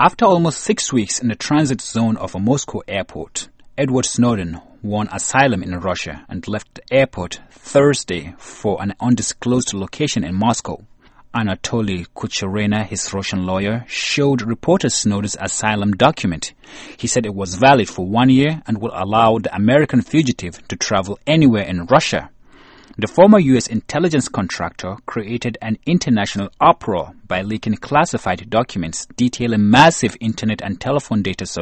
After almost six weeks in the transit zone of a Moscow airport, Edward Snowden won asylum in Russia and left the airport Thursday for an undisclosed location in Moscow. Anatoly Kucherena, his Russian lawyer, showed reporters Snowden's asylum document. He said it was valid for one year and would allow the American fugitive to travel anywhere in Russia. The former U.S. intelligence contractor created an international uproar by leaking classified documents detailing massive internet and telephone data